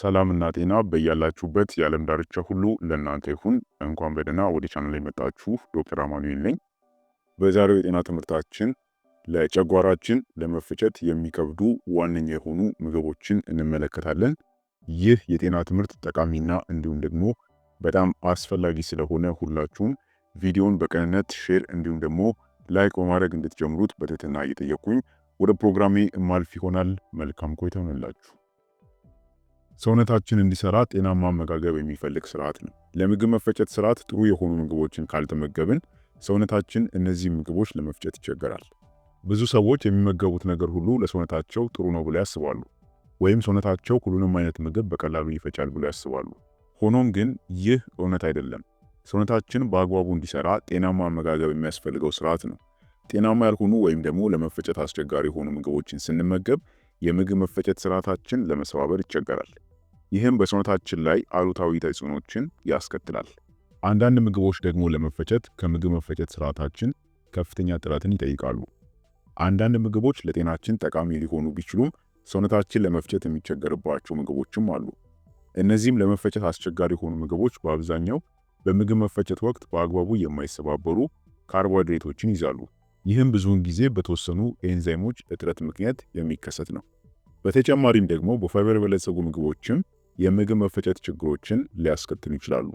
ሰላምና ጤና በያላችሁበት የዓለም ዳርቻ ሁሉ ለእናንተ ይሁን። እንኳን በደህና ወደ ቻናል የመጣችሁ ዶክተር አማኑኤል ነኝ። በዛሬው የጤና ትምህርታችን ለጨጓራችን ለመፈጨት የሚከብዱ ዋነኛ የሆኑ ምግቦችን እንመለከታለን። ይህ የጤና ትምህርት ጠቃሚና እንዲሁም ደግሞ በጣም አስፈላጊ ስለሆነ ሁላችሁም ቪዲዮን በቅንነት ሼር እንዲሁም ደግሞ ላይክ በማድረግ እንድትጀምሩት በትህትና እየጠየቁኝ ወደ ፕሮግራሜ ማልፍ ይሆናል። መልካም ቆይታ ይሆንላችሁ። ሰውነታችን እንዲሰራ ጤናማ አመጋገብ የሚፈልግ ስርዓት ነው። ለምግብ መፈጨት ስርዓት ጥሩ የሆኑ ምግቦችን ካልተመገብን ሰውነታችን እነዚህ ምግቦች ለመፍጨት ይቸገራል። ብዙ ሰዎች የሚመገቡት ነገር ሁሉ ለሰውነታቸው ጥሩ ነው ብለው ያስባሉ፣ ወይም ሰውነታቸው ሁሉንም አይነት ምግብ በቀላሉ ይፈጫል ብለው ያስባሉ። ሆኖም ግን ይህ እውነት አይደለም። ሰውነታችን በአግባቡ እንዲሰራ ጤናማ አመጋገብ የሚያስፈልገው ስርዓት ነው። ጤናማ ያልሆኑ ወይም ደግሞ ለመፈጨት አስቸጋሪ የሆኑ ምግቦችን ስንመገብ የምግብ መፈጨት ስርዓታችን ለመሰባበር ይቸገራል። ይህም በሰውነታችን ላይ አሉታዊ ተጽዕኖችን ያስከትላል። አንዳንድ ምግቦች ደግሞ ለመፈጨት ከምግብ መፈጨት ስርዓታችን ከፍተኛ ጥረትን ይጠይቃሉ። አንዳንድ ምግቦች ለጤናችን ጠቃሚ ሊሆኑ ቢችሉም ሰውነታችን ለመፍጨት የሚቸገርባቸው ምግቦችም አሉ። እነዚህም ለመፈጨት አስቸጋሪ የሆኑ ምግቦች በአብዛኛው በምግብ መፈጨት ወቅት በአግባቡ የማይሰባበሩ ካርቦሃይድሬቶችን ይዛሉ። ይህም ብዙውን ጊዜ በተወሰኑ ኤንዛይሞች እጥረት ምክንያት የሚከሰት ነው። በተጨማሪም ደግሞ በፋይበር የበለጸጉ ምግቦችም የምግብ መፈጨት ችግሮችን ሊያስከትሉ ይችላሉ።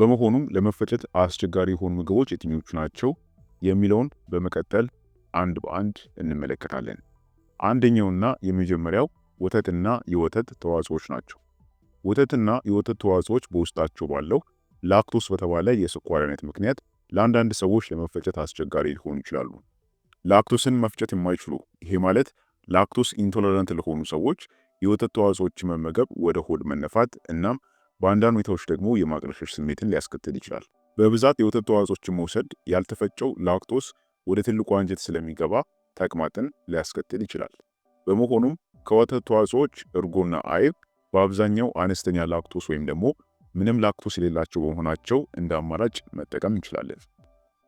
በመሆኑም ለመፈጨት አስቸጋሪ የሆኑ ምግቦች የትኞቹ ናቸው የሚለውን በመቀጠል አንድ በአንድ እንመለከታለን። አንደኛውና የመጀመሪያው ወተትና የወተት ተዋጽኦች ናቸው። ወተትና የወተት ተዋጽኦች በውስጣቸው ባለው ላክቶስ በተባለ የስኳር አይነት ምክንያት ለአንዳንድ ሰዎች ለመፈጨት አስቸጋሪ ሊሆኑ ይችላሉ። ላክቶስን መፍጨት የማይችሉ ይሄ ማለት ላክቶስ ኢንቶለራንት ለሆኑ ሰዎች የወተት ተዋጽኦች መመገብ ወደ ሆድ መነፋት እናም በአንዳንድ ሁኔታዎች ደግሞ የማቅለሽለሽ ስሜትን ሊያስከትል ይችላል። በብዛት የወተት ተዋጽኦችን መውሰድ ያልተፈጨው ላክቶስ ወደ ትልቁ አንጀት ስለሚገባ ተቅማጥን ሊያስከትል ይችላል። በመሆኑም ከወተት ተዋጽኦች እርጎና አይብ በአብዛኛው አነስተኛ ላክቶስ ወይም ደግሞ ምንም ላክቶስ የሌላቸው በመሆናቸው እንደ አማራጭ መጠቀም እንችላለን።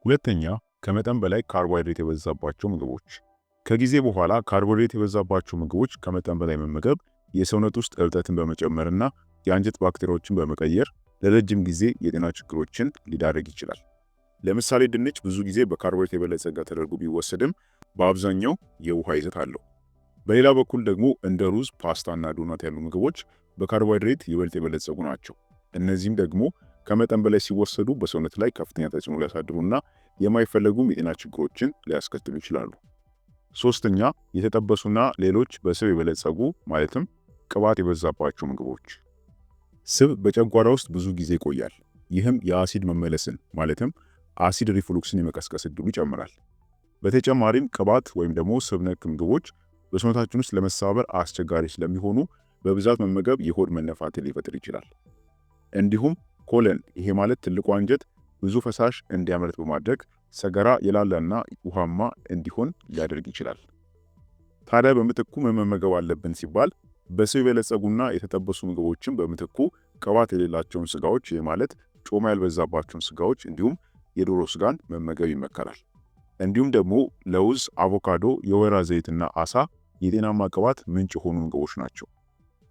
ሁለተኛ ከመጠን በላይ ካርቦሃይድሬት የበዛባቸው ምግቦች ከጊዜ በኋላ ካርቦሬት የበዛባቸው ምግቦች ከመጠን በላይ መመገብ የሰውነት ውስጥ እብጠትን በመጨመርና የአንጀት ባክቴሪያዎችን በመቀየር ለረጅም ጊዜ የጤና ችግሮችን ሊዳረግ ይችላል። ለምሳሌ ድንች ብዙ ጊዜ በካርቦሬት የበለጸገ ተደርጎ ቢወሰድም በአብዛኛው የውሃ ይዘት አለው። በሌላ በኩል ደግሞ እንደ ሩዝ፣ ፓስታና ዶናት ያሉ ምግቦች በካርቦሃይድሬት ይበልጥ የበለጸጉ ናቸው። እነዚህም ደግሞ ከመጠን በላይ ሲወሰዱ በሰውነት ላይ ከፍተኛ ተጽዕኖ ሊያሳድሩና የማይፈለጉም የጤና ችግሮችን ሊያስከትሉ ይችላሉ። ሶስተኛ የተጠበሱና ሌሎች በስብ የበለጸጉ ማለትም ቅባት የበዛባቸው ምግቦች። ስብ በጨጓራ ውስጥ ብዙ ጊዜ ይቆያል። ይህም የአሲድ መመለስን ማለትም አሲድ ሪፍሉክስን የመቀስቀስ እድሉ ይጨምራል። በተጨማሪም ቅባት ወይም ደግሞ ስብ ነክ ምግቦች በሰውነታችን ውስጥ ለመሰባበር አስቸጋሪ ስለሚሆኑ በብዛት መመገብ የሆድ መነፋትን ሊፈጥር ይችላል። እንዲሁም ኮለን ይሄ ማለት ትልቁ አንጀት ብዙ ፈሳሽ እንዲያመርት በማድረግ ሰገራ የላላና ውሃማ እንዲሆን ሊያደርግ ይችላል። ታዲያ በምትኩ ምን መመገብ አለብን ሲባል በሰው የበለጸጉና የተጠበሱ ምግቦችን በምትኩ ቅባት የሌላቸውን ስጋዎች ማለት ጮማ ያልበዛባቸውን ስጋዎች እንዲሁም የዶሮ ስጋን መመገብ ይመከራል። እንዲሁም ደግሞ ለውዝ፣ አቮካዶ፣ የወይራ ዘይትና አሳ የጤናማ ቅባት ምንጭ የሆኑ ምግቦች ናቸው።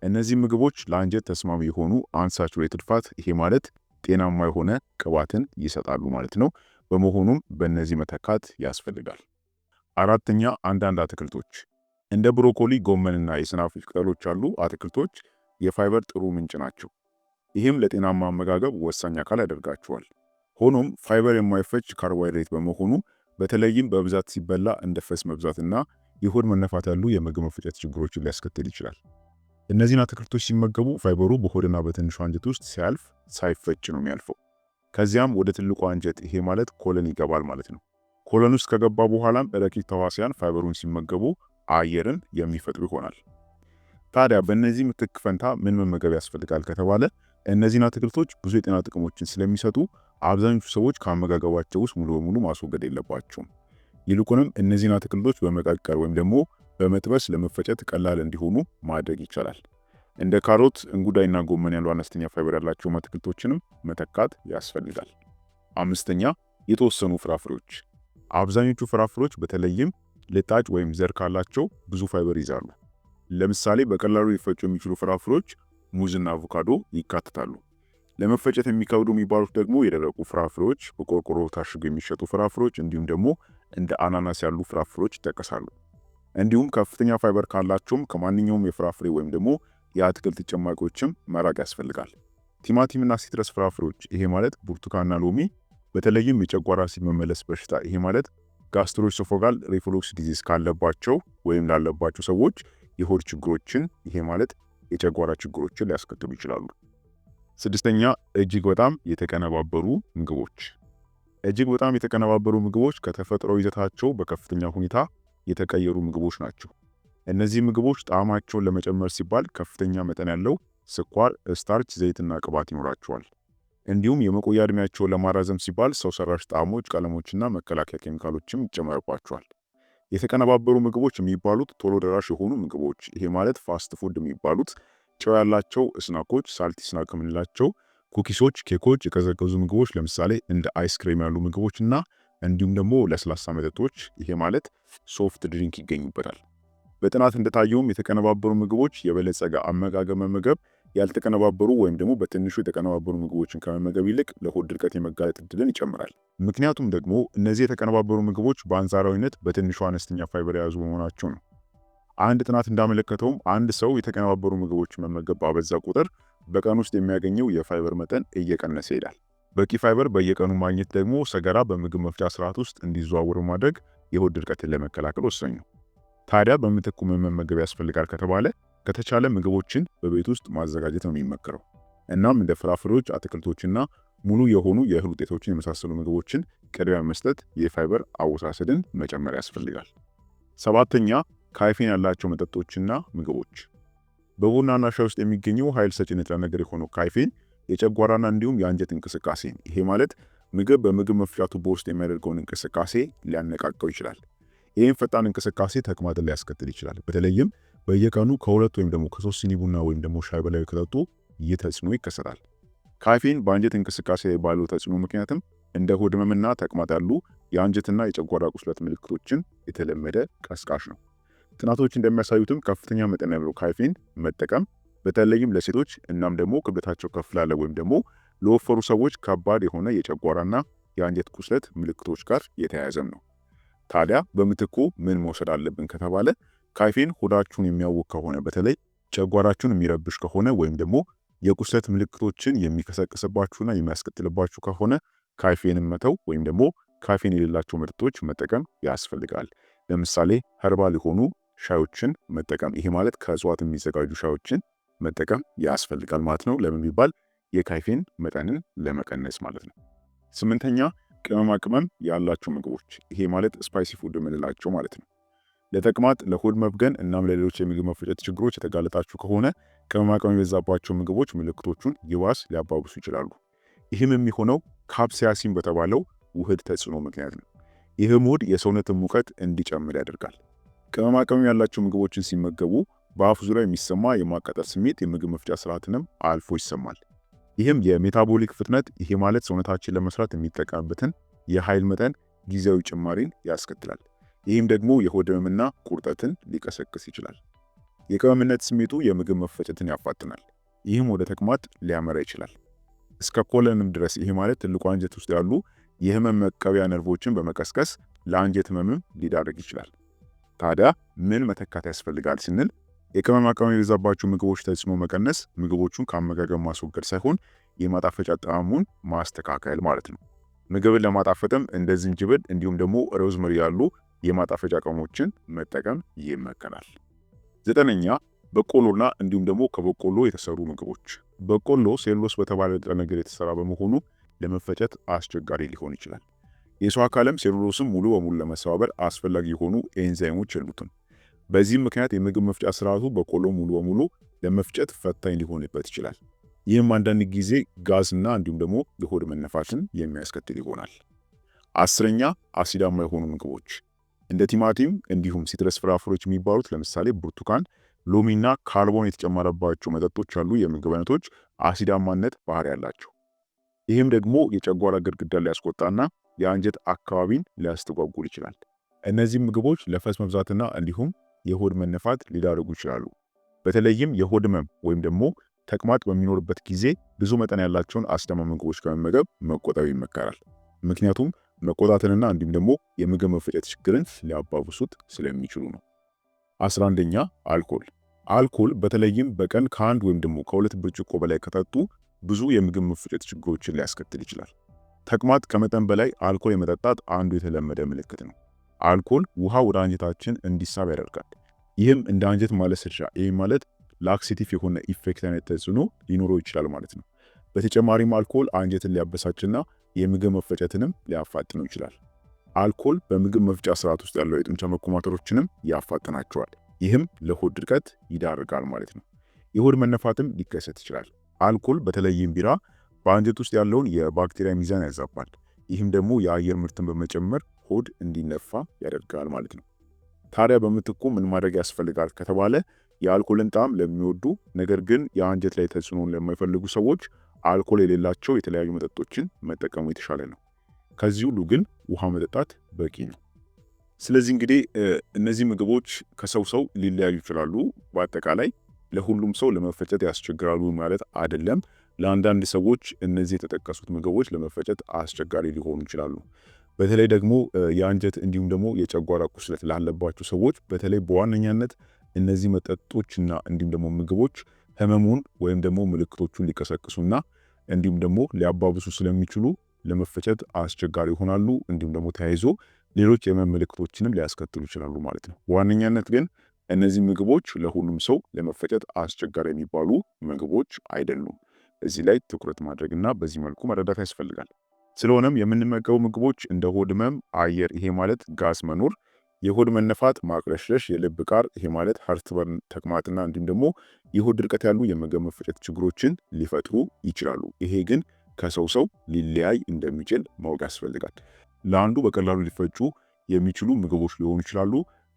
እነዚህ ምግቦች ለአንጀት ተስማሚ የሆኑ አንሳቹሬትድ ፋት ይሄ ማለት ጤናማ የሆነ ቅባትን ይሰጣሉ ማለት ነው። በመሆኑም በእነዚህ መተካት ያስፈልጋል። አራተኛ አንዳንድ አትክልቶች እንደ ብሮኮሊ፣ ጎመንና የሰናፍጭ ቅጠሎች ያሉ አትክልቶች የፋይበር ጥሩ ምንጭ ናቸው። ይህም ለጤናማ አመጋገብ ወሳኝ አካል ያደርጋቸዋል። ሆኖም ፋይበር የማይፈጭ ካርቦሃይድሬት በመሆኑ በተለይም በብዛት ሲበላ እንደ ፈስ መብዛትና የሆድ መነፋት ያሉ የምግብ መፈጨት ችግሮችን ሊያስከትል ይችላል። እነዚህን አትክልቶች ሲመገቡ ፋይበሩ በሆድና በትንሹ አንጀት ውስጥ ሲያልፍ ሳይፈጭ ነው የሚያልፈው። ከዚያም ወደ ትልቁ አንጀት ይሄ ማለት ኮለን ይገባል ማለት ነው። ኮለን ውስጥ ከገባ በኋላም ረቂቅ ተዋሲያን ፋይበሩን ሲመገቡ አየርን የሚፈጥሩ ይሆናል። ታዲያ በእነዚህ ምትክ ፈንታ ምን መመገብ ያስፈልጋል ከተባለ እነዚህን አትክልቶች ብዙ የጤና ጥቅሞችን ስለሚሰጡ አብዛኞቹ ሰዎች ከአመጋገባቸው ውስጥ ሙሉ በሙሉ ማስወገድ የለባቸውም። ይልቁንም እነዚህን አትክልቶች በመቀቀል ወይም ደግሞ በመጥበስ ለመፈጨት ቀላል እንዲሆኑ ማድረግ ይቻላል። እንደ ካሮት፣ እንጉዳይና ጎመን ያሉ አነስተኛ ፋይበር ያላቸው አትክልቶችንም መተካት ያስፈልጋል። አምስተኛ የተወሰኑ ፍራፍሬዎች። አብዛኞቹ ፍራፍሬዎች በተለይም ልጣጭ ወይም ዘር ካላቸው ብዙ ፋይበር ይዛሉ። ለምሳሌ በቀላሉ ሊፈጩ የሚችሉ ፍራፍሬዎች ሙዝና አቮካዶ ይካተታሉ። ለመፈጨት የሚከብዱ የሚባሉት ደግሞ የደረቁ ፍራፍሬዎች፣ በቆርቆሮ ታሽገው የሚሸጡ ፍራፍሬዎች እንዲሁም ደግሞ እንደ አናናስ ያሉ ፍራፍሬዎች ይጠቀሳሉ። እንዲሁም ከፍተኛ ፋይበር ካላቸውም ከማንኛውም የፍራፍሬ ወይም ደግሞ የአትክልት ጭማቂዎችም መራቅ ያስፈልጋል። ቲማቲምና ሲትረስ ፍራፍሬዎች ይሄ ማለት ብርቱካንና ሎሚ፣ በተለይም የጨጓራ ሲም መመለስ በሽታ ይሄ ማለት ጋስትሮች ሶፎጋል ሪፍሉክስ ዲዚዝ ካለባቸው ወይም ላለባቸው ሰዎች የሆድ ችግሮችን ይሄ ማለት የጨጓራ ችግሮችን ሊያስከትሉ ይችላሉ። ስድስተኛ እጅግ በጣም የተቀነባበሩ ምግቦች። እጅግ በጣም የተቀነባበሩ ምግቦች ከተፈጥሮ ይዘታቸው በከፍተኛ ሁኔታ የተቀየሩ ምግቦች ናቸው። እነዚህ ምግቦች ጣዕማቸውን ለመጨመር ሲባል ከፍተኛ መጠን ያለው ስኳር፣ ስታርች፣ ዘይትና ቅባት ይኖራቸዋል። እንዲሁም የመቆያ ዕድሜያቸውን ለማራዘም ሲባል ሰው ሰራሽ ጣዕሞች፣ ቀለሞችና መከላከያ ኬሚካሎችም ይጨመርባቸዋል። የተቀነባበሩ ምግቦች የሚባሉት ቶሎ ደራሽ የሆኑ ምግቦች፣ ይሄ ማለት ፋስት ፉድ የሚባሉት ጨው ያላቸው ስናኮች፣ ሳልቲ ስናክ የምንላቸው ኩኪሶች፣ ኬኮች፣ የቀዘቀዙ ምግቦች ለምሳሌ እንደ አይስክሬም ያሉ ምግቦች እና እንዲሁም ደግሞ ለስላሳ መጠጦች፣ ይሄ ማለት ሶፍት ድሪንክ ይገኙበታል። በጥናት እንደታየውም የተቀነባበሩ ምግቦች የበለጸገ አመጋገብ መመገብ ያልተቀነባበሩ ወይም ደግሞ በትንሹ የተቀነባበሩ ምግቦችን ከመመገብ ይልቅ ለሆድ ድርቀት የመጋለጥ እድልን ይጨምራል። ምክንያቱም ደግሞ እነዚህ የተቀነባበሩ ምግቦች በአንጻራዊነት በትንሹ አነስተኛ ፋይበር የያዙ መሆናቸው ነው። አንድ ጥናት እንዳመለከተውም አንድ ሰው የተቀነባበሩ ምግቦችን መመገብ ባበዛ ቁጥር በቀን ውስጥ የሚያገኘው የፋይበር መጠን እየቀነሰ ይሄዳል። በቂ ፋይበር በየቀኑ ማግኘት ደግሞ ሰገራ በምግብ መፍጫ ስርዓት ውስጥ እንዲዘዋወር ማድረግ የሆድ ድርቀትን ለመከላከል ወሳኝ ነው። ታዲያ በምትኩ ምን መመገብ ያስፈልጋል ከተባለ ከተቻለ ምግቦችን በቤት ውስጥ ማዘጋጀት ነው የሚመከረው። እናም እንደ ፍራፍሬዎች፣ አትክልቶችና ሙሉ የሆኑ የእህል ውጤቶችን የመሳሰሉ ምግቦችን ቅድሚያ መስጠት የፋይበር አወሳሰድን መጨመር ያስፈልጋል። ሰባተኛ ካይፌን ያላቸው መጠጦችና ምግቦች። በቡናና ሻይ ውስጥ የሚገኘው ኃይል ሰጪ ንጥረ ነገር የሆነው ካይፌን የጨጓራና እንዲሁም የአንጀት እንቅስቃሴን ይሄ ማለት ምግብ በምግብ መፍጫ ቱቦ ውስጥ የሚያደርገውን እንቅስቃሴ ሊያነቃቀው ይችላል። ይህም ፈጣን እንቅስቃሴ ተቅማጥን ሊያስከትል ይችላል። በተለይም በየቀኑ ከሁለት ወይም ደግሞ ከሶስት ሲኒ ቡና ወይም ደግሞ ሻይ በላይ ከጠጡ ይህ ተጽዕኖ ይከሰታል። ካፌን በአንጀት እንቅስቃሴ ላይ ባለው ተጽዕኖ ምክንያትም እንደ ሆድ ህመምና ተቅማጥ ያሉ የአንጀትና የጨጓራ ቁስለት ምልክቶችን የተለመደ ቀስቃሽ ነው። ጥናቶች እንደሚያሳዩትም ከፍተኛ መጠን ያለው ካፌን መጠቀም በተለይም ለሴቶች እናም ደግሞ ክብደታቸው ከፍ ላለ ወይም ደግሞ ለወፈሩ ሰዎች ከባድ የሆነ የጨጓራና የአንጀት ቁስለት ምልክቶች ጋር የተያያዘም ነው። ታዲያ በምትኩ ምን መውሰድ አለብን ከተባለ ካይፌን ሆዳችሁን የሚያውቅ ከሆነ በተለይ ጨጓራችሁን የሚረብሽ ከሆነ ወይም ደግሞ የቁስለት ምልክቶችን የሚቀሰቅስባችሁና የሚያስከትልባችሁ ከሆነ ካይፌንን መተው ወይም ደግሞ ካፌን የሌላቸው መጠጦች መጠቀም ያስፈልጋል። ለምሳሌ ኸርባል የሆኑ ሻዮችን መጠቀም፣ ይሄ ማለት ከእጽዋት የሚዘጋጁ ሻዮችን መጠቀም ያስፈልጋል ማለት ነው። ለምን ቢባል የካይፌን መጠንን ለመቀነስ ማለት ነው። ስምንተኛ ቅመማ ቅመም ያላቸው ምግቦች ይሄ ማለት ስፓይሲ ፉድ የምንላቸው ማለት ነው። ለተቅማጥ ለሆድ መብገን እናም ለሌሎች የምግብ መፈጨት ችግሮች የተጋለጣችሁ ከሆነ ቅመማ ቅመም የበዛባቸው ምግቦች ምልክቶቹን ይባስ ሊያባብሱ ይችላሉ። ይህም የሚሆነው ካፕሳያሲን በተባለው ውህድ ተጽዕኖ ምክንያት ነው። ይህም ውህድ የሰውነትን ሙቀት እንዲጨምር ያደርጋል። ቅመማ ቅመም ያላቸው ምግቦችን ሲመገቡ በአፍ ዙሪያ የሚሰማ የማቃጠል ስሜት የምግብ መፍጫ ስርዓትንም አልፎ ይሰማል። ይህም የሜታቦሊክ ፍጥነት ይሄ ማለት ሰውነታችን ለመስራት የሚጠቀምበትን የኃይል መጠን ጊዜያዊ ጭማሪን ያስከትላል። ይህም ደግሞ የሆድ ህመምና ቁርጠትን ሊቀሰቅስ ይችላል። የቅመምነት ስሜቱ የምግብ መፈጨትን ያፋጥናል። ይህም ወደ ተቅማጥ ሊያመራ ይችላል። እስከ ኮለንም ድረስ ይሄ ማለት ትልቁ አንጀት ውስጥ ያሉ የህመም መቀበያ ነርቮችን በመቀስቀስ ለአንጀት ህመምም ሊዳርግ ይችላል። ታዲያ ምን መተካት ያስፈልጋል ስንል የቅመማ ቅመም የበዛባቸው ምግቦች ተጽዕኖ መቀነስ ምግቦቹን ከአመጋገብ ማስወገድ ሳይሆን የማጣፈጫ ጣዕሙን ማስተካከል ማለት ነው። ምግብን ለማጣፈጥም እንደ ዝንጅብል እንዲሁም ደግሞ ሮዝመሪ ያሉ የማጣፈጫ ቅመሞችን መጠቀም ይመከራል። ዘጠነኛ በቆሎና እንዲሁም ደግሞ ከበቆሎ የተሰሩ ምግቦች። በቆሎ ሴሎስ በተባለ ንጥረ ነገር የተሰራ በመሆኑ ለመፈጨት አስቸጋሪ ሊሆን ይችላል። የሰው አካልም ሴሉሎስም ሙሉ በሙሉ ለመሰባበር አስፈላጊ የሆኑ ኤንዛይሞች የሉትም። በዚህም ምክንያት የምግብ መፍጫ ስርዓቱ በቆሎ ሙሉ በሙሉ ለመፍጨት ፈታኝ ሊሆንበት ይችላል። ይህም አንዳንድ ጊዜ ጋዝና እንዲሁም ደግሞ የሆድ መነፋትን የሚያስከትል ይሆናል። አስረኛ አሲዳማ የሆኑ ምግቦች እንደ ቲማቲም እንዲሁም ሲትረስ ፍራፍሬዎች የሚባሉት ለምሳሌ ብርቱካን፣ ሎሚና ካርቦን የተጨመረባቸው መጠጦች ያሉ የምግብ አይነቶች አሲዳማነት ባህሪ ያላቸው ይህም ደግሞ የጨጓራ ግድግዳ ሊያስቆጣና የአንጀት አካባቢን ሊያስተጓጉል ይችላል። እነዚህ ምግቦች ለፈስ መብዛትና እንዲሁም የሆድ መነፋት ሊዳርጉ ይችላሉ። በተለይም የሆድ ህመም ወይም ደግሞ ተቅማጥ በሚኖርበት ጊዜ ብዙ መጠን ያላቸውን አስደማሚ ምግቦች ከመመገብ መቆጠብ ይመከራል። ምክንያቱም መቆጣትንና እንዲሁም ደግሞ የምግብ መፈጨት ችግርን ሊያባብሱት ስለሚችሉ ነው። አስራ አንደኛ አልኮል። አልኮል በተለይም በቀን ከአንድ ወይም ደግሞ ከሁለት ብርጭቆ በላይ ከጠጡ ብዙ የምግብ መፈጨት ችግሮችን ሊያስከትል ይችላል። ተቅማጥ ከመጠን በላይ አልኮል የመጠጣት አንዱ የተለመደ ምልክት ነው። አልኮል ውሃ ወደ አንጀታችን እንዲሳብ ያደርጋል። ይህም እንደ አንጀት ማለስለሻ ይህ ማለት ላክሲቲቭ የሆነ ኢፌክት አይነት ተጽዕኖ ሊኖረው ይችላል ማለት ነው። በተጨማሪም አልኮል አንጀትን ሊያበሳጭና የምግብ መፈጨትንም ሊያፋጥነው ይችላል። አልኮል በምግብ መፍጫ ስርዓት ውስጥ ያለው የጡንቻ መኮማተሮችንም ያፋጥናቸዋል። ይህም ለሆድ ድርቀት ይዳርጋል ማለት ነው። የሆድ መነፋትም ሊከሰት ይችላል። አልኮል በተለይም ቢራ በአንጀት ውስጥ ያለውን የባክቴሪያ ሚዛን ያዛባል። ይህም ደግሞ የአየር ምርትን በመጨመር ሆድ እንዲነፋ ያደርጋል ማለት ነው። ታዲያ በምትኩ ምን ማድረግ ያስፈልጋል ከተባለ የአልኮልን ጣዕም ለሚወዱ ነገር ግን የአንጀት ላይ ተጽዕኖን ለማይፈልጉ ሰዎች አልኮል የሌላቸው የተለያዩ መጠጦችን መጠቀሙ የተሻለ ነው። ከዚህ ሁሉ ግን ውሃ መጠጣት በቂ ነው። ስለዚህ እንግዲህ እነዚህ ምግቦች ከሰው ሰው ሊለያዩ ይችላሉ። በአጠቃላይ ለሁሉም ሰው ለመፈጨት ያስቸግራሉ ማለት አይደለም። ለአንዳንድ ሰዎች እነዚህ የተጠቀሱት ምግቦች ለመፈጨት አስቸጋሪ ሊሆኑ ይችላሉ። በተለይ ደግሞ የአንጀት እንዲሁም ደግሞ የጨጓራ ቁስለት ላለባቸው ሰዎች በተለይ በዋነኛነት እነዚህ መጠጦችና እንዲሁም ደግሞ ምግቦች ህመሙን ወይም ደግሞ ምልክቶቹን ሊቀሰቅሱና እንዲሁም ደግሞ ሊያባብሱ ስለሚችሉ ለመፈጨት አስቸጋሪ ይሆናሉ። እንዲሁም ደግሞ ተያይዞ ሌሎች የህመም ምልክቶችንም ሊያስከትሉ ይችላሉ ማለት ነው። በዋነኛነት ግን እነዚህ ምግቦች ለሁሉም ሰው ለመፈጨት አስቸጋሪ የሚባሉ ምግቦች አይደሉም። እዚህ ላይ ትኩረት ማድረግና በዚህ መልኩ መረዳት ያስፈልጋል። ስለሆነም የምንመገቡ ምግቦች እንደ ሆድ ህመም፣ አየር ይሄ ማለት ጋስ መኖር፣ የሆድ መነፋት፣ ማቅለሽለሽ፣ የልብ ቃር ይሄ ማለት ሀርትበርን፣ ተቅማጥና እንዲሁም ደግሞ የሆድ ድርቀት ያሉ የምግብ መፈጨት ችግሮችን ሊፈጥሩ ይችላሉ። ይሄ ግን ከሰው ሰው ሊለያይ እንደሚችል ማወቅ ያስፈልጋል። ለአንዱ በቀላሉ ሊፈጩ የሚችሉ ምግቦች ሊሆኑ ይችላሉ፣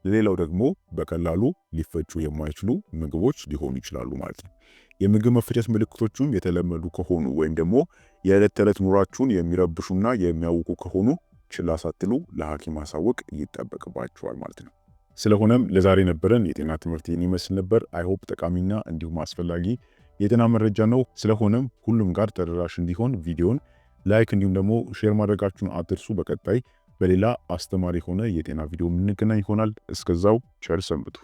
ለሌላው ደግሞ በቀላሉ ሊፈጩ የማይችሉ ምግቦች ሊሆኑ ይችላሉ ማለት ነው። የምግብ መፈጨት ምልክቶቹም የተለመዱ ከሆኑ ወይም ደግሞ የዕለት ተዕለት ኑሯችሁን የሚረብሹና የሚያውቁ ከሆኑ ችላ ሳትሉ ለሐኪም ማሳወቅ ይጠበቅባችኋል ማለት ነው። ስለሆነም ለዛሬ ነበረን የጤና ትምህርት ይመስል ነበር። አይሆፕ ጠቃሚና እንዲሁም አስፈላጊ የጤና መረጃ ነው። ስለሆነም ሁሉም ጋር ተደራሽ እንዲሆን ቪዲዮን ላይክ እንዲሁም ደግሞ ሼር ማድረጋችሁን አትርሱ። በቀጣይ በሌላ አስተማሪ የሆነ የጤና ቪዲዮ የምንገናኝ ይሆናል። እስከዛው ቸር ሰንብቱ።